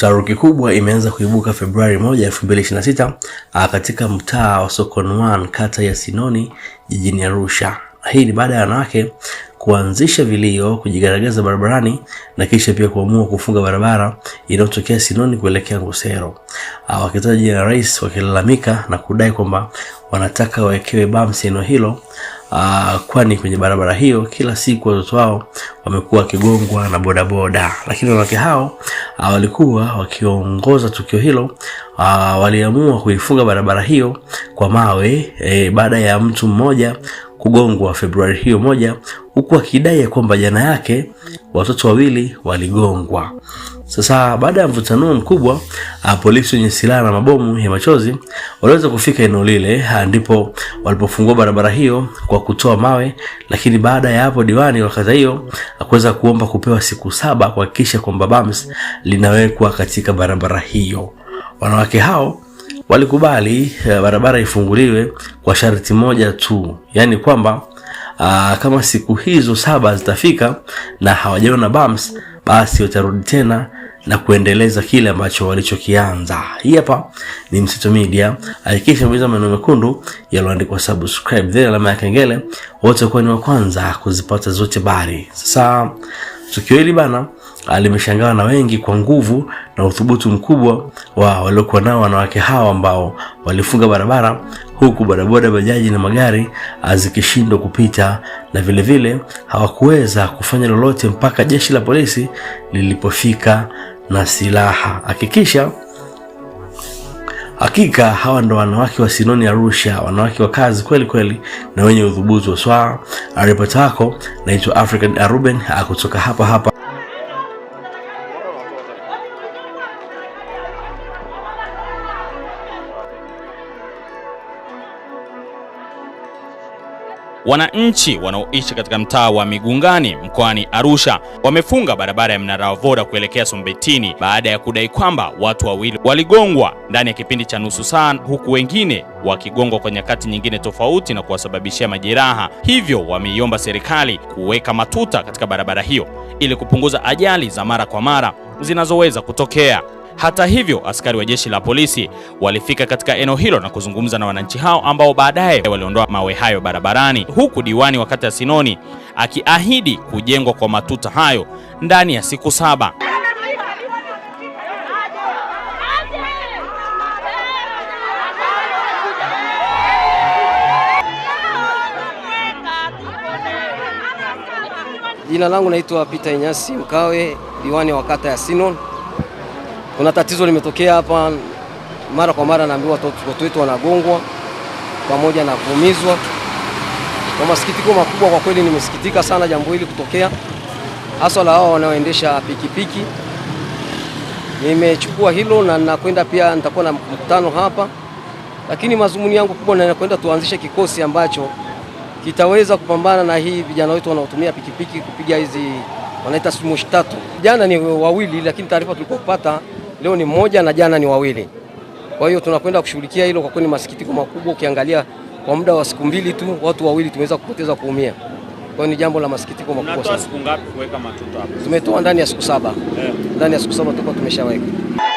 Taharuki kubwa imeanza kuibuka Februari 1, 2026 ah, katika mtaa wa Sokon 1 kata ya Sinoni jijini Arusha. Hii ni baada ya wanawake kuanzisha vilio, kujigaragaza barabarani na kisha pia kuamua kufunga barabara inayotokea Sinoni kuelekea Ngusero, ah, wakitoa jina la rais, wakilalamika na kudai kwamba wanataka wawekewe bamsi eneo hilo, ah, kwani kwenye barabara hiyo kila siku watoto wao wamekuwa wakigongwa na bodaboda. Lakini wanawake hao walikuwa wakiongoza tukio hilo ah, waliamua kuifunga barabara hiyo kwa mawe e, baada ya mtu mmoja kugongwa Februari hiyo moja, huku akidai ya kwamba jana yake watoto wawili waligongwa. Sasa baada ya mvutano mkubwa, ah, polisi wenye silaha na mabomu ya machozi waliweza kufika eneo lile, ah, ndipo walipofungua barabara hiyo kwa kutoa mawe, lakini baada ya hapo diwani wa kata hiyo akuweza kuomba kupewa siku saba kuhakikisha kwamba bams linawekwa katika barabara hiyo. Wanawake hao walikubali eh, barabara ifunguliwe kwa sharti moja tu, yaani kwamba aa, ah, kama siku hizo saba zitafika na hawajaona bams, basi watarudi tena na kuendeleza kile ambacho walichokianza. Hii hapa ni Mseto Media. Hakikisha umeza maneno mekundu yaliyoandikwa subscribe, then alama ya kengele, wote kuwa ni wa kwanza kuzipata zote bari Sasa Tukio hili bana limeshangawa na wengi kwa nguvu na uthubutu mkubwa wa waliokuwa nao wanawake hawa ambao walifunga barabara huku bodaboda, bajaji na magari zikishindwa kupita, na vilevile hawakuweza kufanya lolote mpaka jeshi la polisi lilipofika na silaha. Hakikisha Hakika hawa ndo wanawake wa Sinoni Arusha, wanawake wa kazi kweli kweli na wenye udhubutu wa swala. Aripota wako naitwa African Aruben akutoka hapa hapa Wananchi wanaoishi katika mtaa wa Migungani mkoani Arusha wamefunga barabara ya Mnara wa Voda kuelekea Sombetini baada ya kudai kwamba watu wawili waligongwa ndani ya kipindi cha nusu saa, huku wengine wakigongwa kwa nyakati nyingine tofauti na kuwasababishia majeraha. Hivyo wameiomba serikali kuweka matuta katika barabara hiyo ili kupunguza ajali za mara kwa mara zinazoweza kutokea. Hata hivyo, askari wa jeshi la polisi walifika katika eneo hilo na kuzungumza na wananchi hao ambao baadaye waliondoa mawe hayo barabarani, huku diwani wa kata ya Sinoni akiahidi kujengwa kwa matuta hayo ndani ya siku saba. Jina langu naitwa Peter Inyasi Mkawe, diwani wa kata ya Sinoni kuna tatizo limetokea hapa. Mara kwa mara naambiwa watoto wetu wanagongwa pamoja na kuumizwa. Kwa masikitiko makubwa kwa kweli, nimesikitika sana jambo hili kutokea, hasa la hao wanaoendesha pikipiki. Nimechukua hilo na nakwenda pia, nitakuwa na mkutano hapa, lakini mazumuni yangu kubwa na nakwenda tuanzishe kikosi ambacho kitaweza kupambana na hii vijana wetu wanaotumia pikipiki kupiga hizi wanaita sumu tatu. Jana ni wawili, lakini taarifa tulikuwa leo ni mmoja na jana ni wawili. Kwa hiyo tunakwenda kushughulikia hilo, kwa kweli ni masikitiko makubwa. Ukiangalia kwa muda wa siku mbili tu watu wawili tumeweza kupoteza kuumia, kwa hiyo ni jambo la masikitiko makubwa sana. Siku ngapi kuweka matuta hapo? Tumetoa ndani ya siku saba, eh. ndani yeah, ya siku saba tutakuwa tumeshaweka.